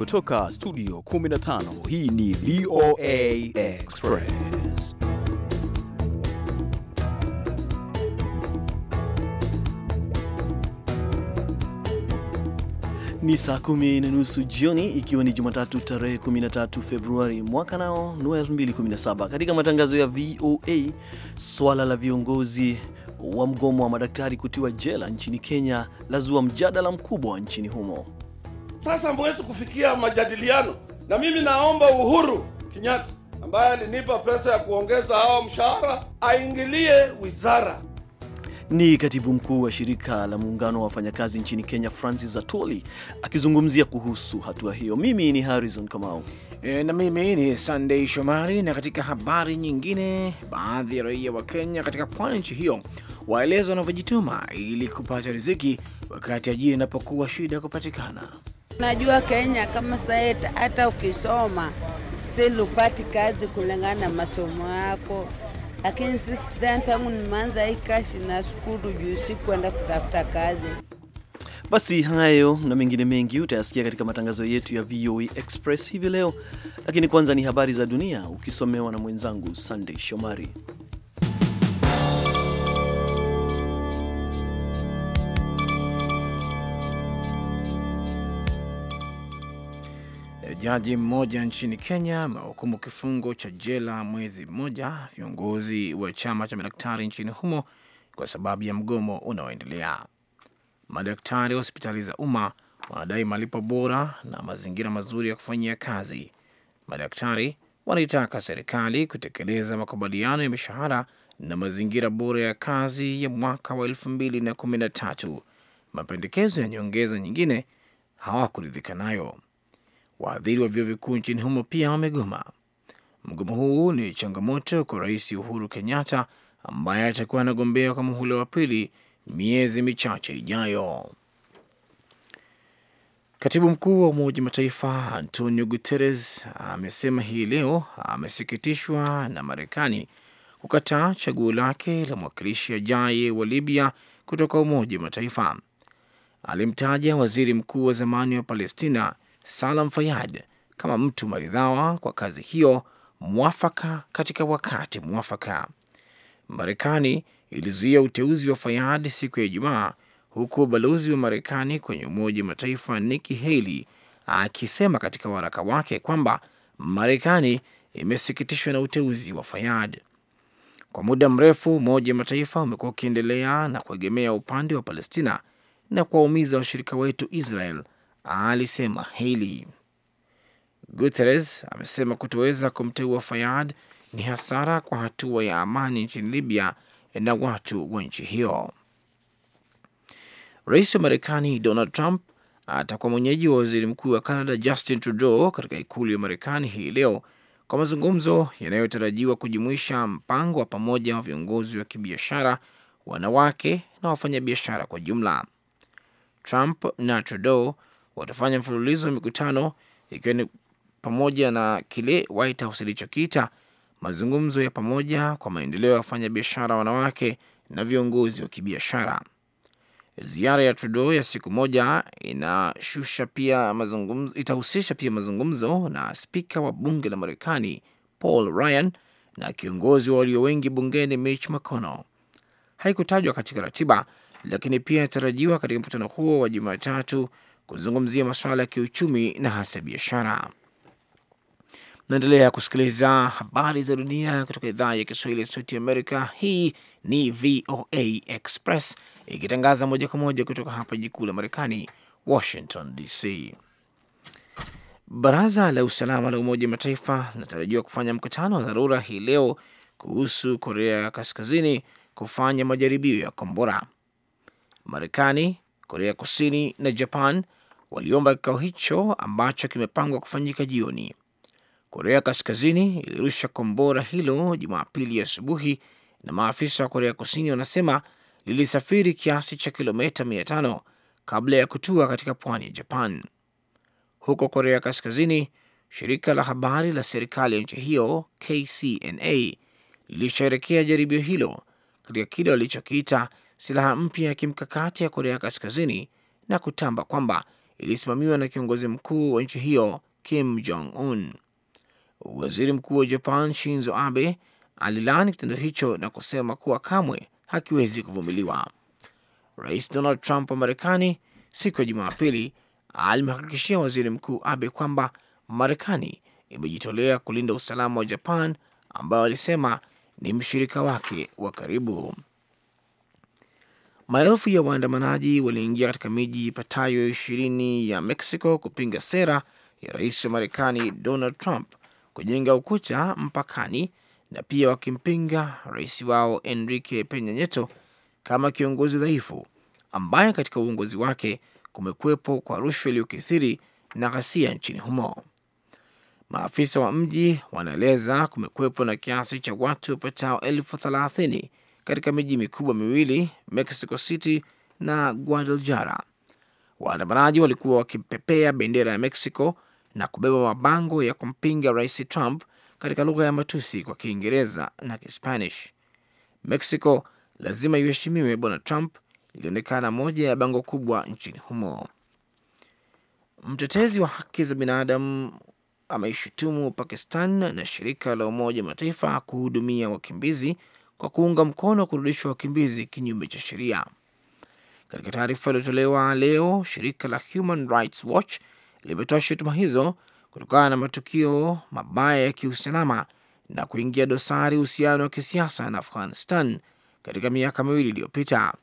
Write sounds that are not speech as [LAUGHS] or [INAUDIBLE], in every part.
Kutoka studio 15 hii ni VOA Express. Ni saa kumi na nusu jioni ikiwa ni Jumatatu tarehe 13 Februari mwaka nao 2017. Katika matangazo ya VOA, swala la viongozi wa mgomo wa madaktari kutiwa jela nchini Kenya lazua mjadala mkubwa nchini humo. Sasa mwezi kufikia majadiliano, na mimi naomba Uhuru Kenyatta ambaye alinipa pesa ya kuongeza hawa mshahara aingilie wizara. Ni katibu mkuu wa shirika la muungano wa wafanyakazi nchini Kenya, Francis Atoli akizungumzia kuhusu hatua hiyo. Mimi ni Harrison Kamau. E, na mimi ni sandey Shomari. Na katika habari nyingine, baadhi ya raia wa Kenya katika pwani nchi hiyo waelezwa wanavyojituma ili kupata riziki wakati ajira inapokuwa shida kupatikana. Najua Kenya kama sasa, hata ukisoma still upati kazi kulingana na masomo yako, lakini sisi then tangu nimeanza hii kashi na shukuru juu si kwenda kutafuta kazi. Basi hayo na mengine mengi utayasikia katika matangazo yetu ya VOA e Express hivi leo, lakini kwanza ni habari za dunia ukisomewa na mwenzangu Sunday Shomari. Jaji mmoja nchini Kenya amehukumu kifungo cha jela mwezi mmoja viongozi wa chama cha madaktari nchini humo kwa sababu ya mgomo unaoendelea. Madaktari wa hospitali za umma wanadai malipo bora na mazingira mazuri ya kufanyia kazi. Madaktari wanaitaka serikali kutekeleza makubaliano ya mishahara na mazingira bora ya kazi ya mwaka wa elfu mbili na kumi na tatu. Mapendekezo ya nyongeza nyingine hawakuridhika nayo. Waadhiri wa vyuo vikuu nchini humo pia wamegoma. Mgomo huu ni changamoto kwa Rais Uhuru Kenyatta ambaye atakuwa anagombea kwa muhula wa pili miezi michache ijayo. Katibu mkuu wa Umoja Mataifa Antonio Guterres amesema hii leo amesikitishwa na Marekani kukataa chaguo lake la mwakilishi ajaye wa Libya kutoka Umoja Mataifa. Alimtaja waziri mkuu wa zamani wa Palestina Salam Fayad kama mtu maridhawa kwa kazi hiyo mwafaka katika wakati mwafaka. Marekani ilizuia uteuzi wa fayad siku ya Ijumaa, huku balozi wa Marekani kwenye Umoja Mataifa Nikki Haley akisema katika waraka wake kwamba Marekani imesikitishwa na uteuzi wa fayad Kwa muda mrefu Umoja Mataifa umekuwa ukiendelea na kuegemea upande wa Palestina na kuwaumiza washirika wetu Israel alisema Haley. Guterres amesema kutoweza kumteua Fayad ni hasara kwa hatua ya amani nchini Libya na watu wa nchi hiyo. Rais wa Marekani Donald Trump atakuwa mwenyeji wa waziri mkuu wa Canada Justin Trudeau katika ikulu ya Marekani hii leo kwa mazungumzo yanayotarajiwa kujumuisha mpango wa pamoja wa viongozi wa kibiashara, wanawake na wafanyabiashara kwa jumla. Trump na Trudeau watafanya mfululizo wa mikutano ikiwa ni pamoja na kile White House ilichokiita mazungumzo ya pamoja kwa maendeleo ya wafanyabiashara wanawake na viongozi wa kibiashara. Ziara ya Trudeau ya siku moja inashusha pia mazungumzo, itahusisha pia mazungumzo na spika wa bunge la Marekani Paul Ryan na kiongozi wa walio wengi bungeni Mitch McConnell. Haikutajwa katika ratiba, lakini pia inatarajiwa katika mkutano huo wa Jumatatu kuzungumzia masuala ya kiuchumi na hasa biashara. Naendelea kusikiliza habari za dunia kutoka idhaa ya Kiswahili ya Sauti Amerika. Hii ni VOA Express ikitangaza moja kwa moja kutoka hapa jikuu la Marekani, Washington DC. Baraza la Usalama la Umoja wa Mataifa linatarajiwa kufanya mkutano wa dharura hii leo kuhusu Korea ya Kaskazini kufanya majaribio ya kombora. Marekani, Korea Kusini na Japan waliomba kikao hicho ambacho kimepangwa kufanyika jioni. Korea Kaskazini ilirusha kombora hilo Jumapili asubuhi, na maafisa wa Korea Kusini wanasema lilisafiri kiasi cha kilomita 500 kabla ya kutua katika pwani ya Japan. Huko Korea Kaskazini, shirika la habari la serikali ya nchi hiyo KCNA lilisherekea jaribio hilo katika kile walichokiita silaha mpya ya kimkakati ya Korea Kaskazini na kutamba kwamba ilisimamiwa na kiongozi mkuu wa nchi hiyo Kim Jong Un. Waziri mkuu wa Japan Shinzo Abe alilaani kitendo hicho na kusema kuwa kamwe hakiwezi kuvumiliwa. Rais Donald Trump wa Marekani siku ya Jumapili alimhakikishia waziri mkuu Abe kwamba Marekani imejitolea kulinda usalama wa Japan ambayo alisema ni mshirika wake wa karibu. Maelfu ya waandamanaji waliingia katika miji ipatayo ishirini ya Mexico kupinga sera ya rais wa Marekani Donald Trump kujenga ukuta mpakani na pia wakimpinga rais wao Enrique penyanyeto Nieto kama kiongozi dhaifu ambaye katika uongozi wake kumekwepo kwa rushwa iliyokithiri na ghasia nchini humo. Maafisa wa mji wanaeleza kumekwepo na kiasi cha watu wapatao elfu thelathini katika miji mikubwa miwili Mexico City na Guadalajara. Waandamanaji walikuwa wakipepea bendera ya Mexico na kubeba mabango ya kumpinga Rais Trump katika lugha ya matusi kwa Kiingereza na Kispanish. Mexico lazima iheshimiwe, Bwana Trump, ilionekana moja ya bango kubwa nchini humo. Mtetezi wa haki za binadamu ameishutumu Pakistan na shirika la Umoja Mataifa kuhudumia wakimbizi kwa kuunga mkono kurudishwa wakimbizi kinyume cha sheria. Katika taarifa iliyotolewa leo, shirika la Human Rights Watch limetoa shutuma hizo kutokana na matukio mabaya ya kiusalama na kuingia dosari uhusiano wa kisiasa na Afghanistan katika miaka miwili iliyopita.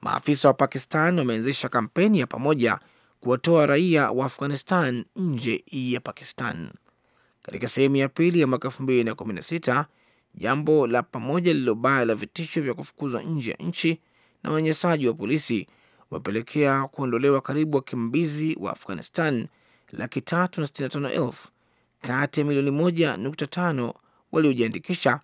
Maafisa wa Pakistan wameanzisha kampeni ya pamoja kuwatoa raia wa Afghanistan nje ya Pakistan. Katika sehemu ya pili ya mwaka 2016 jambo la pamoja lililobaya la vitisho vya kufukuzwa nje ya nchi na unyanyasaji wa polisi umepelekea kuondolewa karibu wakimbizi wa Afghanistan laki tatu na sitini na tano elfu kati ya milioni moja nukta tano waliojiandikisha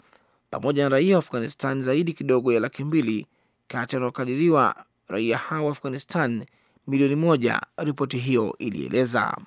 pamoja na raia wa Afghanistan zaidi kidogo ya laki mbili kati wanaokadiriwa raia hao wa Afghanistan milioni moja, ripoti hiyo ilieleza.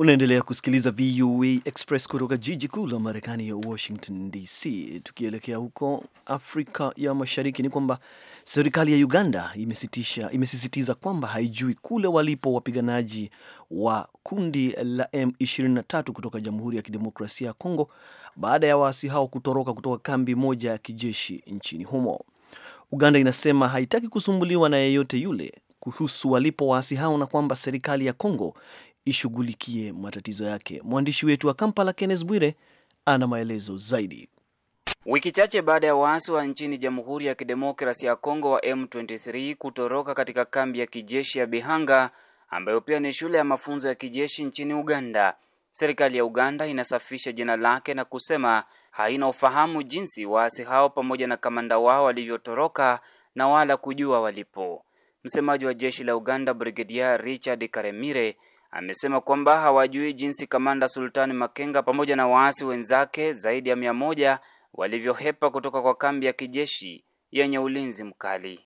Unaendelea kusikiliza VOA e Express kutoka jiji kuu la Marekani ya Washington DC. Tukielekea huko Afrika ya Mashariki, ni kwamba serikali ya Uganda imesitisha, imesisitiza kwamba haijui kule walipo wapiganaji wa kundi la M23 kutoka Jamhuri ya Kidemokrasia ya Kongo baada ya waasi hao kutoroka kutoka kambi moja ya kijeshi nchini humo. Uganda inasema haitaki kusumbuliwa na yeyote yule kuhusu walipo waasi hao na kwamba serikali ya Kongo ishughulikie matatizo yake. Mwandishi wetu wa Kampala, Kenneth Bwire, ana maelezo zaidi. Wiki chache baada ya waasi wa nchini Jamhuri ya Kidemokrasi ya Kongo wa M23 kutoroka katika kambi ya kijeshi ya Bihanga ambayo pia ni shule ya mafunzo ya kijeshi nchini Uganda, serikali ya Uganda inasafisha jina lake na kusema haina ufahamu jinsi waasi hao pamoja na kamanda wao walivyotoroka na wala kujua walipo. Msemaji wa jeshi la Uganda, Brigedia Richard Karemire amesema kwamba hawajui jinsi kamanda Sultani Makenga pamoja na waasi wenzake zaidi ya mia moja walivyohepa kutoka kwa kambi ya kijeshi yenye ulinzi mkali.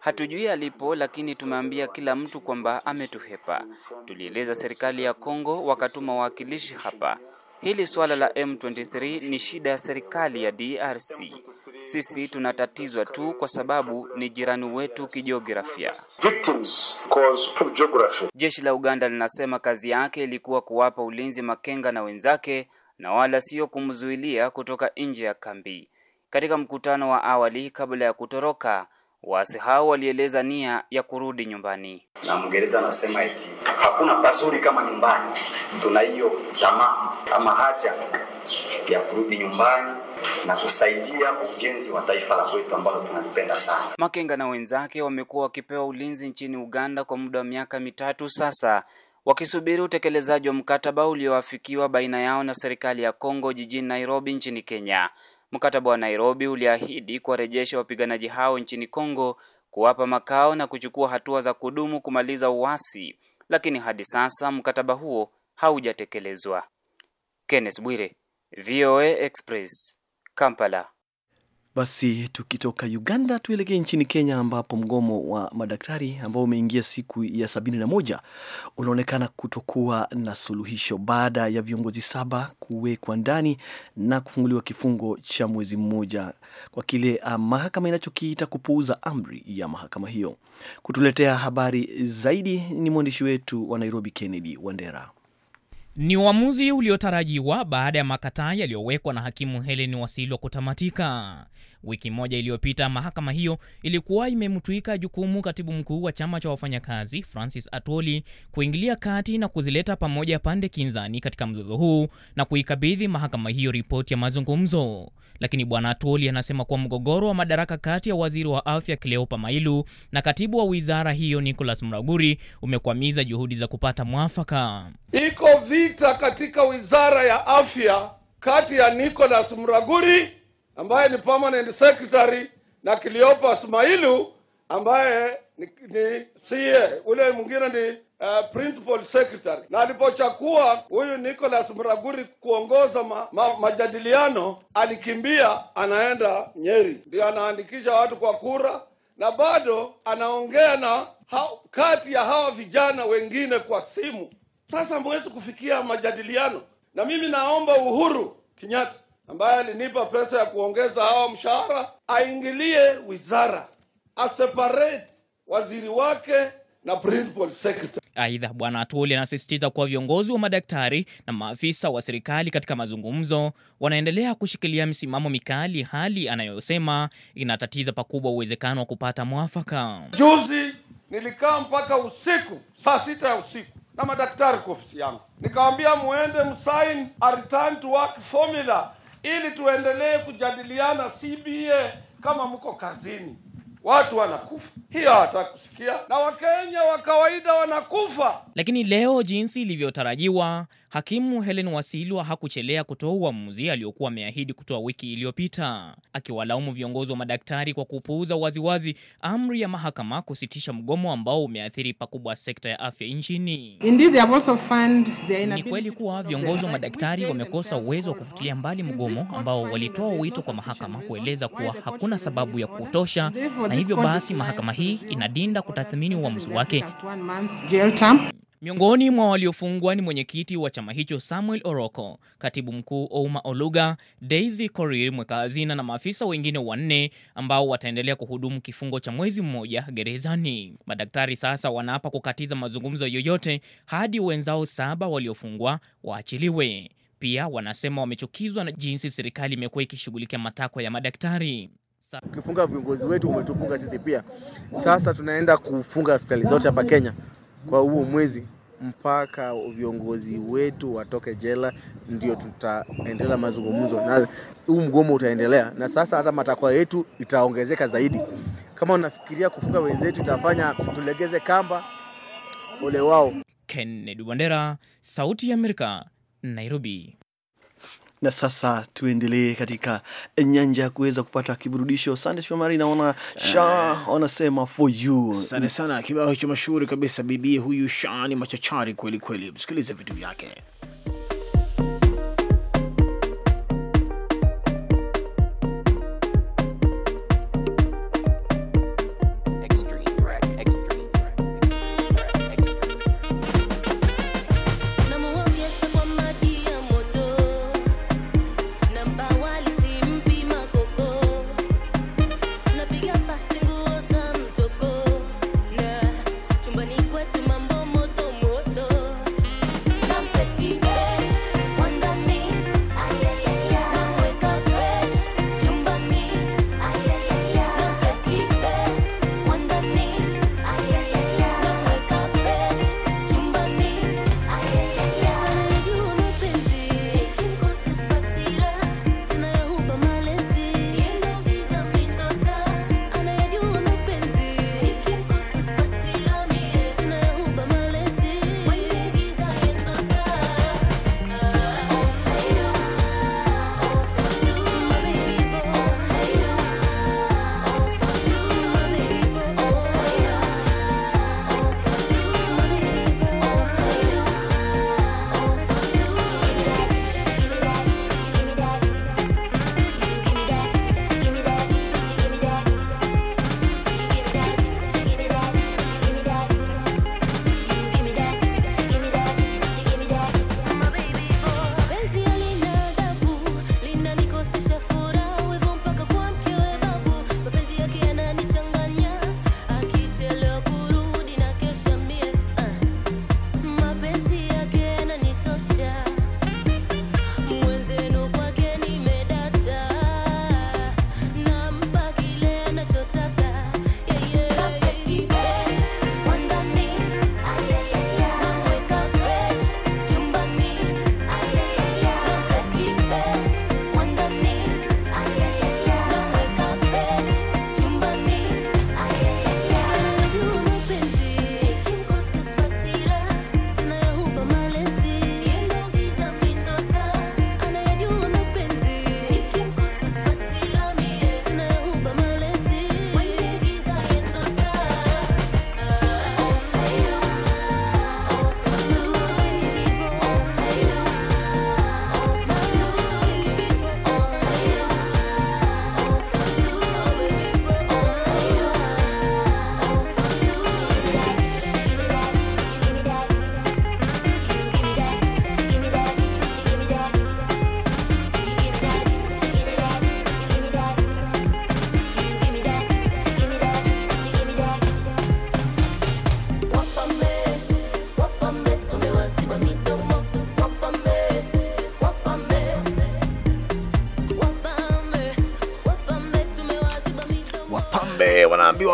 Hatujui alipo, lakini tumeambia kila mtu kwamba ametuhepa. Tulieleza serikali ya Kongo, wakatuma wawakilishi hapa. Hili suala la M23 ni shida ya serikali ya DRC. Sisi tunatatizwa tu kwa sababu ni jirani wetu kijiografia. Jeshi la Uganda linasema kazi yake ilikuwa kuwapa ulinzi Makenga na wenzake na wala sio kumzuilia kutoka nje ya kambi. Katika mkutano wa awali kabla ya kutoroka, waasi hao walieleza nia ya kurudi nyumbani, na mgereza anasema eti hakuna pazuri kama nyumbani. Tuna hiyo tamaa ama haja ya kurudi nyumbani na kusaidia ujenzi wa taifa la kwetu ambalo tunalipenda sana. Makenga na wenzake wamekuwa wakipewa ulinzi nchini Uganda kwa muda wa miaka mitatu sasa, wakisubiri utekelezaji wa mkataba ulioafikiwa baina yao na serikali ya Kongo jijini Nairobi nchini Kenya. Mkataba wa Nairobi uliahidi kuwarejesha wapiganaji hao nchini Kongo, kuwapa makao na kuchukua hatua za kudumu kumaliza uasi, lakini hadi sasa mkataba huo haujatekelezwa. Kenneth Bwire VOA Express, Kampala. Basi tukitoka Uganda tuelekee nchini Kenya ambapo mgomo wa madaktari ambao umeingia siku ya sabini na moja unaonekana kutokuwa na suluhisho baada ya viongozi saba kuwekwa ndani na kufunguliwa kifungo cha mwezi mmoja kwa kile ah, mahakama inachokiita kupuuza amri ya mahakama hiyo. Kutuletea habari zaidi ni mwandishi wetu wa Nairobi Kennedy Wandera. Ni uamuzi uliotarajiwa baada ya makataa yaliyowekwa na hakimu Helen Wasilwa kutamatika. Wiki moja iliyopita, mahakama hiyo ilikuwa imemtuika jukumu katibu mkuu wa chama cha wafanyakazi Francis Atwoli kuingilia kati na kuzileta pamoja pande kinzani katika mzozo huu na kuikabidhi mahakama hiyo ripoti ya mazungumzo, lakini bwana Atwoli anasema kuwa mgogoro wa madaraka kati ya waziri wa afya Cleopa Mailu na katibu wa wizara hiyo Nicholas Mraguri umekwamiza juhudi za kupata mwafaka. Iko vita katika wizara ya afya kati ya Nicholas Mraguri ambaye ni permanent secretary na kiliopa Smailu ambaye ni, ni CA ule mwingine ni uh, principal secretary. Na alipochakua huyu Nicholas Mraguri kuongoza ma, ma, majadiliano, alikimbia anaenda Nyeri, ndio anaandikisha watu kwa kura, na bado anaongea na ha, kati ya hawa vijana wengine kwa simu. Sasa mwezi kufikia majadiliano, na mimi naomba Uhuru Kenyatta ambaye alinipa pesa ya kuongeza hawa mshahara aingilie wizara aseparate waziri wake na principal secretary. Aidha, Bwana Atwoli anasisitiza kuwa viongozi wa madaktari na maafisa wa serikali katika mazungumzo wanaendelea kushikilia msimamo mikali, hali anayosema inatatiza pakubwa uwezekano wa kupata mwafaka. Juzi nilikaa mpaka usiku saa sita ya usiku na madaktari kwa ofisi yangu, nikawambia mwende msain a return to work formula ili tuendelee kujadiliana CBA. Kama mko kazini, watu wanakufa, hiyo hatakusikia kusikia, na Wakenya wa kawaida wanakufa. Lakini leo jinsi ilivyotarajiwa Hakimu Helen Wasilwa hakuchelea kutoa uamuzi aliokuwa ameahidi kutoa wiki iliyopita, akiwalaumu viongozi wa madaktari kwa kupuuza waziwazi amri ya mahakama kusitisha mgomo ambao umeathiri pakubwa sekta ya afya nchini. Ni kweli kuwa viongozi wa madaktari wamekosa uwezo wa kufutilia mbali mgomo ambao walitoa wito kwa mahakama kueleza kuwa hakuna sababu ya kutosha, na hivyo basi mahakama hii inadinda kutathmini uamuzi wake. Miongoni mwa waliofungwa ni mwenyekiti wa chama hicho Samuel Oroko, katibu mkuu Ouma Oluga, Daisy Korir, mweka hazina na maafisa wengine wanne ambao wataendelea kuhudumu kifungo cha mwezi mmoja gerezani. Madaktari sasa wanaapa kukatiza mazungumzo yoyote hadi wenzao saba waliofungwa waachiliwe. Pia wanasema wamechukizwa na jinsi serikali imekuwa ikishughulikia matakwa ya madaktari. Ukifunga viongozi wetu umetufunga sisi pia. Sasa tunaenda kufunga hospitali zote hapa Kenya kwa huo mwezi mpaka viongozi wetu watoke jela, ndio tutaendelea mazungumzo, na huu mgomo utaendelea, na sasa hata matakwa yetu itaongezeka zaidi. Kama unafikiria kufunga wenzetu, itafanya tulegeze kamba, ole wao. Kennedy Wandera, Sauti ya Amerika, Nairobi. Na sasa tuendelee katika nyanja ya kuweza kupata kiburudisho. Sande Shomari, naona Sha wanasema eh. for you. Asante sana, kibao hicho mashuhuri kabisa. Bibi huyu Sha ni machachari kweli kweli, msikilize vitu vyake.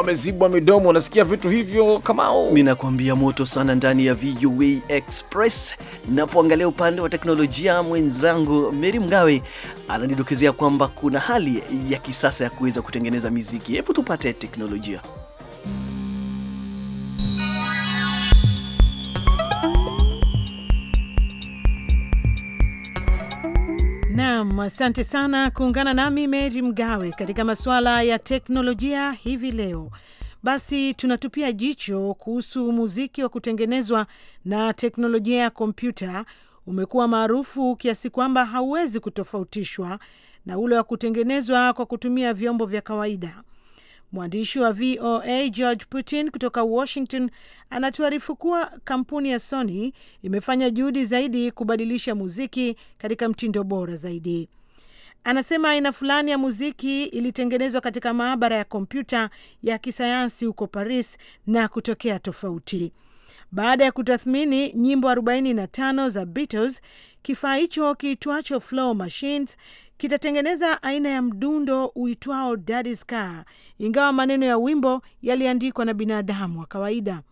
wamezibwa midomo, unasikia vitu hivyo kamao. mi nakuambia moto sana ndani ya VUA Express. Napoangalia upande wa teknolojia, mwenzangu Meri Mgawe ananidokezea kwamba kuna hali ya kisasa ya kuweza kutengeneza miziki. Hebu tupate teknolojia mm. Naam, asante sana kuungana nami Mary Mgawe katika masuala ya teknolojia hivi leo. Basi tunatupia jicho kuhusu muziki wa kutengenezwa na teknolojia ya kompyuta. Umekuwa maarufu kiasi kwamba hauwezi kutofautishwa na ule wa kutengenezwa kwa kutumia vyombo vya kawaida. Mwandishi wa VOA George Putin kutoka Washington anatuarifu kuwa kampuni ya Sony imefanya juhudi zaidi kubadilisha muziki katika mtindo bora zaidi. Anasema aina fulani ya muziki ilitengenezwa katika maabara ya kompyuta ya kisayansi huko Paris na kutokea tofauti. Baada ya kutathmini nyimbo 45 za Beatles, kifaa hicho kiitwacho Flow Machines kitatengeneza aina ya mdundo uitwao Daddy Car, ingawa maneno ya wimbo yaliandikwa na binadamu wa kawaida.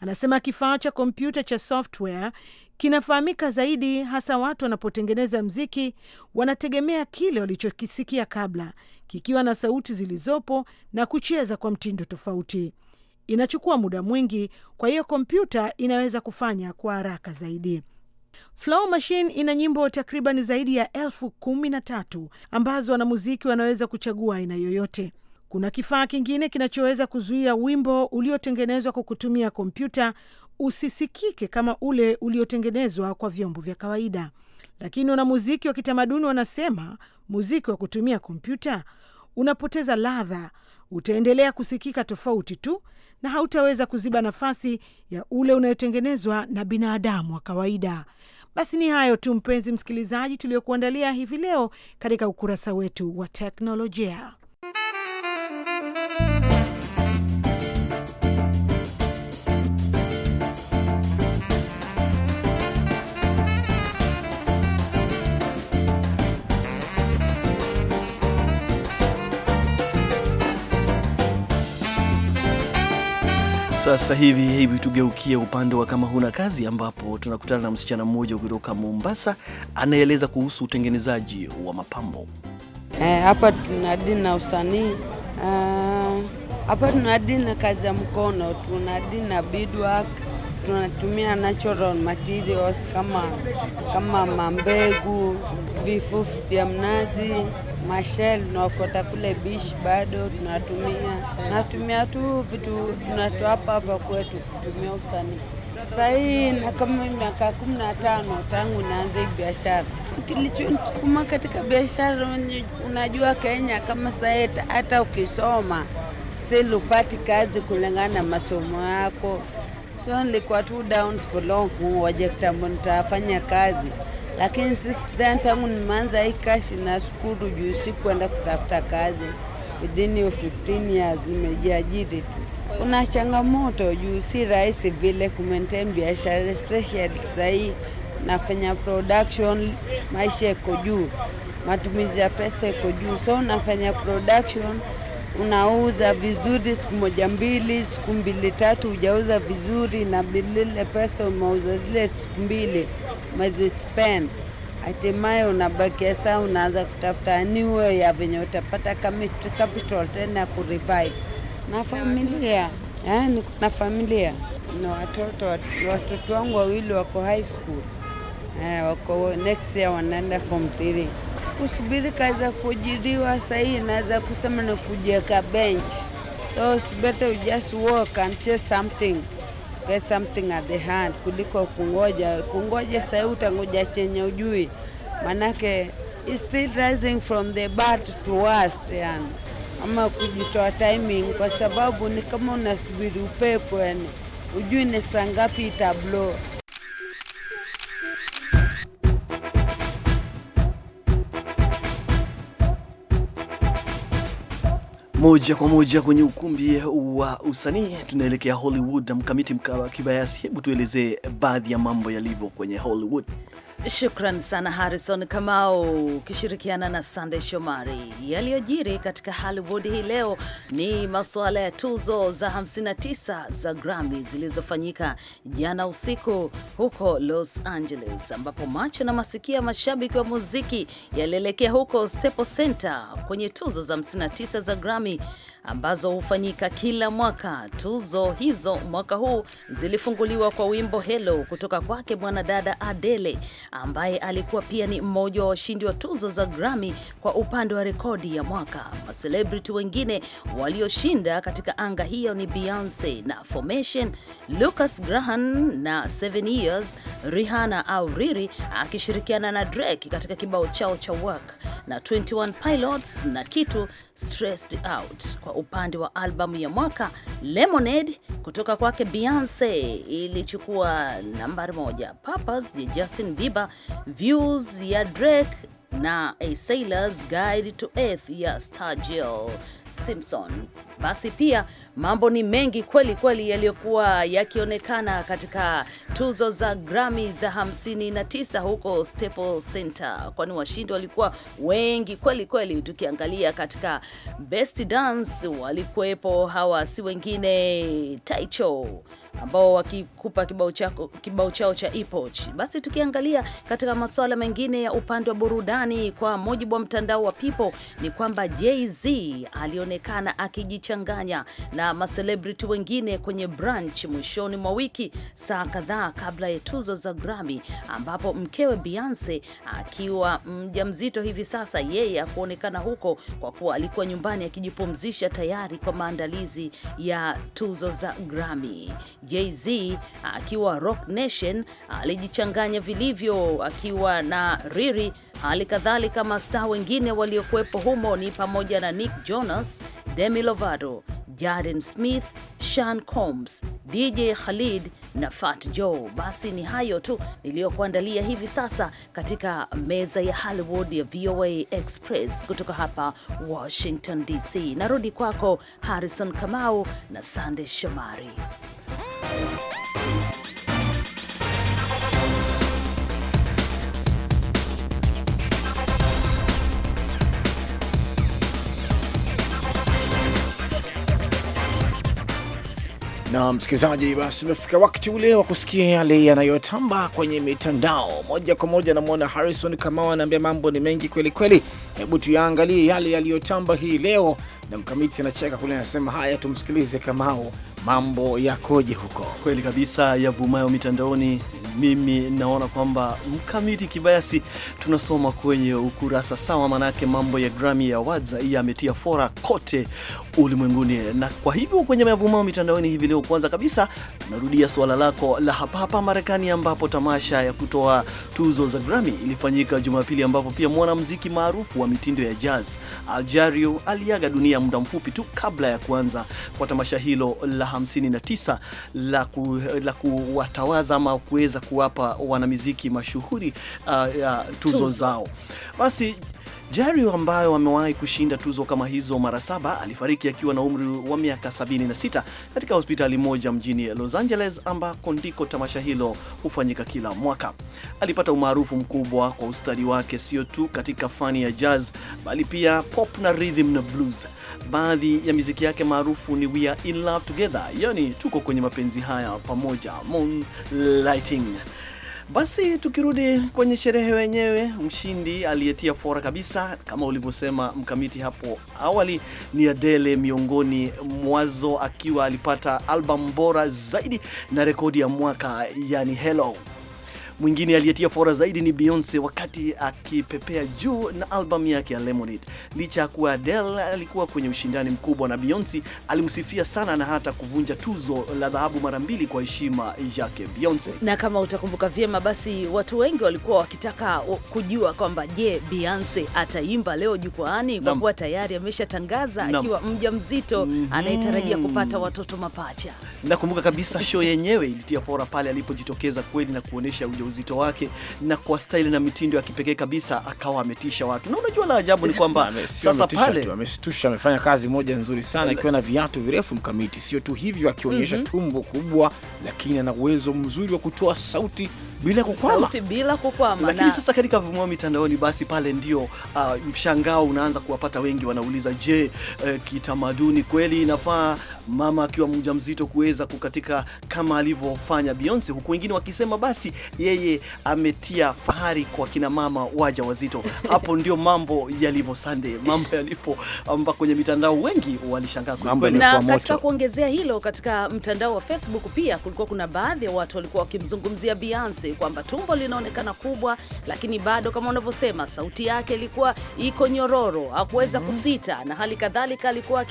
Anasema kifaa cha kompyuta cha software kinafahamika zaidi, hasa watu wanapotengeneza mziki wanategemea kile walichokisikia kabla, kikiwa na sauti zilizopo na kucheza kwa mtindo tofauti. Inachukua muda mwingi, kwa hiyo kompyuta inaweza kufanya kwa haraka zaidi. Flow Machine ina nyimbo takriban zaidi ya elfu kumi na tatu ambazo wanamuziki wanaweza kuchagua aina yoyote. Kuna kifaa kingine kinachoweza kuzuia wimbo uliotengenezwa kwa kutumia kompyuta usisikike kama ule uliotengenezwa kwa vyombo vya kawaida, lakini wanamuziki wa kitamaduni wanasema muziki wa kutumia kompyuta unapoteza ladha, utaendelea kusikika tofauti tu na hautaweza kuziba nafasi ya ule unayotengenezwa na binadamu wa kawaida. Basi ni hayo tu, mpenzi msikilizaji, tuliyokuandalia hivi leo katika ukurasa wetu wa teknolojia. Sasa hivi hivi tugeukie upande wa kama huna kazi, ambapo tunakutana na msichana mmoja kutoka Mombasa anaeleza kuhusu utengenezaji wa mapambo. Eh, hapa tuna dini na usanii ah, hapa, tuna dini na kazi ya mkono, tuna dini na beadwork tunatumia natural materials kama, kama mambegu, vifufu vya mnazi, mashel tunaokota kule bishi bado tunatumia. Natumia tu vitu tunatoa hapa hapa kwetu kutumia usani sahii na kama miaka kumi na tano tangu naanza biashara. Kilichonisukuma katika biashara, unajua Kenya kama sai hata ukisoma still upati kazi kulingana na masomo yako so nilikuwa tu down for long wajekta kitambo kazi, lakini since then tangu nimeanza hii kashi na shukuru juu sikwenda kutafuta kazi within your 15 years nimejiajiri tu. Kuna changamoto juu si rahisi vile kumaintain biashara especially sahii nafanya production, maisha iko juu, matumizi ya pesa iko juu, so nafanya production unauza vizuri, siku moja mbili, siku mbili tatu hujauza vizuri, na bilile pesa umeuza zile siku mbili spend, hatimaye unabakia saa unaanza kutafuta niwe ya venye utapata capital tena kurevive na familia yani, eh, kuna familia na watoto. Watoto wangu wawili wako high school eh, wako next year wanaenda form 3 kusubiri kazi kujiriwa kuajiriwa sahii, naweza kusema na kujiweka bench. So it's better you just walk and chase something get something at the hand kuliko kungoja. Kungoja sahii utangoja chenye ujui, manake it's still rising from the bad to worst yani, ama kujitoa timing, kwa sababu ni kama unasubiri upepo yani, ujui ni saa ngapi itablow. Moja kwa moja kwenye ukumbi wa usanii tunaelekea Hollywood na mkamiti mkawa kibayasi. Hebu tuelezee baadhi ya mambo yalivyo kwenye Hollywood. Shukran sana Harrison Kamau ukishirikiana na Sandey Shomari. Yaliyojiri katika Hollywood hii leo ni masuala ya tuzo za 59 za Grammy zilizofanyika jana usiku huko Los Angeles, ambapo macho na masikia mashabiki wa muziki yalielekea huko Staples Center kwenye tuzo za 59 za Grammy ambazo hufanyika kila mwaka. Tuzo hizo mwaka huu zilifunguliwa kwa wimbo Hello kutoka kwake mwanadada Adele ambaye alikuwa pia ni mmoja wa washindi wa tuzo za Grammy kwa upande wa rekodi ya mwaka. Macelebrity wengine walioshinda katika anga hiyo ni Beyonce na Formation, Lucas Graham na Seven Years, Rihanna au Riri akishirikiana na Drake katika kibao chao cha Work na 21 Pilots na kitu Stressed Out. Kwa upande wa albamu ya mwaka Lemonade kutoka kwake Beyonce ilichukua nambari moja. Purpose ya Justin Bieber, Views ya Drake na A Sailor's Guide to Earth ya Sturgill Simpson. Basi pia Mambo ni mengi kweli kweli yaliyokuwa yakionekana katika tuzo za Grammy za 59 huko Staples Center, kwani washindi walikuwa wengi kweli kweli. Tukiangalia katika best dance, walikuwepo hawa si wengine Taicho ambao wakikupa kibao chao kibao chao cha Ipoch. Basi tukiangalia katika masuala mengine ya upande wa burudani, kwa mujibu wa mtandao wa People ni kwamba Jay-Z alionekana akijichanganya na na maselebriti wengine kwenye brunch mwishoni mwa wiki, saa kadhaa kabla ya tuzo za Grammy, ambapo mkewe Beyonce akiwa mjamzito hivi sasa, yeye hakuonekana huko kwa kuwa alikuwa nyumbani akijipumzisha tayari kwa maandalizi ya tuzo za Grammy. Jay-Z akiwa Rock Nation alijichanganya vilivyo akiwa na Riri Hali kadhalika mastaa wengine waliokuwepo humo ni pamoja na Nick Jonas, Demi Lovato, Jaden Smith, Sean Combs, DJ Khalid na Fat Joe. Basi ni hayo tu niliyokuandalia hivi sasa katika meza ya Hollywood ya VOA Express kutoka hapa Washington DC. Narudi kwako Harrison Kamau na Sande Shomari. na msikilizaji, basi umefika wakati ule wa kusikia yale yanayotamba kwenye mitandao moja kwa moja. Namwona Harrison Kamau anaambia mambo ni mengi kweli kweli, hebu tuyaangalie yale yaliyotamba hii leo. Na mkamiti anacheka kule, anasema haya, tumsikilize Kamau, mambo yakoje huko? Kweli kabisa, yavumayo mitandaoni. Mimi naona kwamba mkamiti kibayasi, tunasoma kwenye ukurasa sawa, manake mambo ya Grammy Awards yametia fora kote ulimwenguni. Na kwa hivyo kwenye mavumao mitandaoni hivi leo, kwanza kabisa tunarudia suala lako la hapa hapa Marekani, ambapo tamasha ya kutoa tuzo za Grammy ilifanyika Jumapili, ambapo pia mwanamuziki maarufu wa mitindo ya jazz Aljario aliaga dunia muda mfupi tu kabla ya kuanza kwa tamasha hilo la 59 la, ku, la kuwatawaza ama kuweza kuwapa wanamuziki mashuhuri uh, tuzo, tuzo zao basi Jerry ambayo amewahi kushinda tuzo kama hizo mara saba alifariki akiwa na umri wa miaka 76 katika hospitali moja mjini Los Angeles ambako ndiko tamasha hilo hufanyika kila mwaka. Alipata umaarufu mkubwa kwa ustadi wake sio tu katika fani ya jazz bali pia pop na rhythm na blues. Baadhi ya miziki yake maarufu ni We Are In Love Together, yani tuko kwenye mapenzi haya pamoja, Moonlighting basi tukirudi kwenye sherehe wenyewe, mshindi aliyetia fora kabisa kama ulivyosema mkamiti hapo awali ni Adele miongoni mwazo, akiwa alipata albamu bora zaidi na rekodi ya mwaka yani Hello Mwingine aliyetia fora zaidi ni Beyonce wakati akipepea juu na albamu yake ya Lemonade. Licha ya kuwa Adele alikuwa kwenye ushindani mkubwa na Beyonce alimsifia sana na hata kuvunja tuzo la dhahabu mara mbili kwa heshima yake Beyonce. Na kama utakumbuka vyema, basi watu wengi walikuwa wakitaka kujua kwamba je, Beyonce ataimba leo jukwaani kwa kuwa tayari ameshatangaza akiwa mjamzito mm -hmm. anayetarajia kupata watoto mapacha. Nakumbuka kabisa show yenyewe ilitia fora pale alipojitokeza kweli na kuonesha ujo uzito wake na kwa staili na mitindo ya kipekee kabisa, akawa ametisha watu. Na unajua la ajabu ni kwamba [LAUGHS] sasa pale ameshtusha, amefanya kazi moja nzuri sana ikiwa na viatu virefu mkamiti. Sio tu hivyo, akionyesha mm -hmm. tumbo kubwa, lakini ana uwezo mzuri wa kutoa sauti bila kukwama. Sauti bila kukwama. Lakini sasa katika vumao mitandaoni, basi pale ndio uh, mshangao unaanza kuwapata wengi, wanauliza je, uh, kitamaduni kweli inafaa mama akiwa mjamzito kuweza kukatika kama alivyofanya Beyonce, huku wengine wakisema basi yeye ametia fahari kwa kina mama waja wazito. [LAUGHS] Hapo ndio mambo yalivyo Sunday, mambo yalipo amba kwenye mitandao wengi walishangaa kweli. Na katika kuongezea hilo, katika mtandao wa Facebook pia kulikuwa kuna baadhi ya watu walikuwa wakimzungumzia Beyonce kwamba tumbo linaonekana kubwa, lakini bado kama unavyosema sauti yake ilikuwa iko nyororo, hakuweza mm-hmm. kusita, na hali kadhalika alikuwa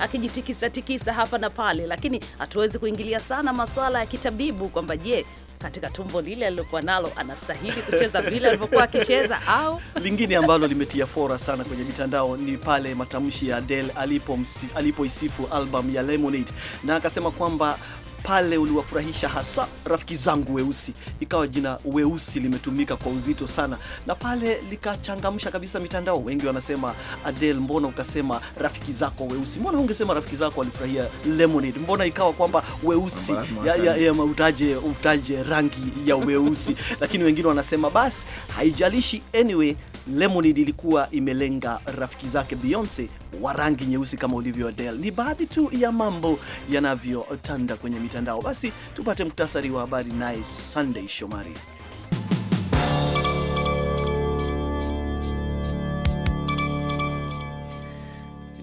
akijitikisa tikisa kupita hapa na pale, lakini hatuwezi kuingilia sana masuala ya kitabibu kwamba je, katika tumbo lile alilokuwa nalo anastahili kucheza vile alivyokuwa akicheza au lingine. Ambalo limetia fora sana kwenye mitandao ni pale matamshi ya Adele alipoisifu alipo album ya Lemonade, na akasema kwamba pale uliwafurahisha hasa rafiki zangu weusi, ikawa jina weusi limetumika kwa uzito sana, na pale likachangamsha kabisa mitandao. Wengi wanasema Adele, mbona ukasema rafiki zako weusi? Mbona ungesema rafiki zako walifurahia Lemonade? Mbona ikawa kwamba weusi ya, ya, ya utaje, utaje rangi ya weusi [LAUGHS] lakini wengine wanasema basi haijalishi anyway Lemonade ilikuwa imelenga rafiki zake Beyonce wa rangi nyeusi kama ulivyo Adele. Ni baadhi tu ya mambo yanavyotanda kwenye mitandao. Basi tupate mktasari wa habari naye Sunday Shomari.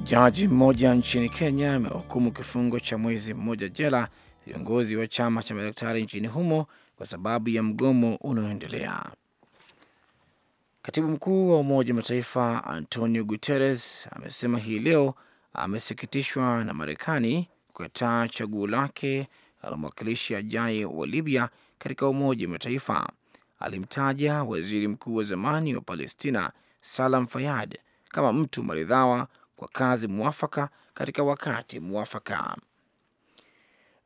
Jaji mmoja nchini Kenya amehukumu kifungo cha mwezi mmoja jela viongozi wa chama cha madaktari nchini humo kwa sababu ya mgomo unaoendelea. Katibu mkuu wa Umoja wa Mataifa Antonio Guterres amesema hii leo amesikitishwa na Marekani kukataa chaguo lake la mwakilishi ajaye wa Libya katika Umoja wa Mataifa. Alimtaja waziri mkuu wa zamani wa Palestina Salam Fayad kama mtu maridhawa kwa kazi mwafaka katika wakati mwafaka.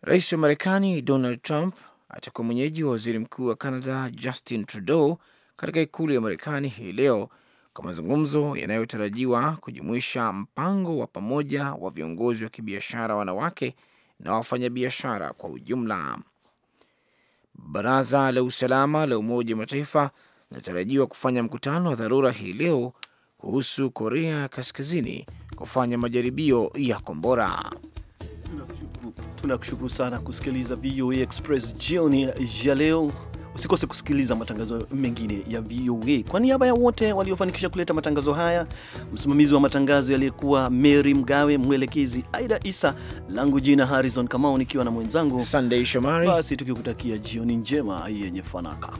Rais wa Marekani Donald Trump atakuwa mwenyeji wa waziri mkuu wa Canada Justin Trudeau katika ikulu ya Marekani hii leo kwa mazungumzo yanayotarajiwa kujumuisha mpango wa pamoja wa viongozi wa kibiashara wanawake na wafanyabiashara kwa ujumla. Baraza la usalama la Umoja wa Mataifa linatarajiwa kufanya mkutano wa dharura hii leo kuhusu Korea ya Kaskazini kufanya majaribio ya kombora. Tunakushukuru sana kusikiliza VOA e Express jioni ya leo. Usikose kusikiliza matangazo mengine ya VOA. Kwa niaba ya wote waliofanikisha kuleta matangazo haya, msimamizi wa matangazo yaliyekuwa Mary Mgawe, mwelekezi Aida Isa, langu jina Harrison Kamau, nikiwa na mwenzangu Sunday Shomari, basi tukikutakia jioni njema yenye fanaka.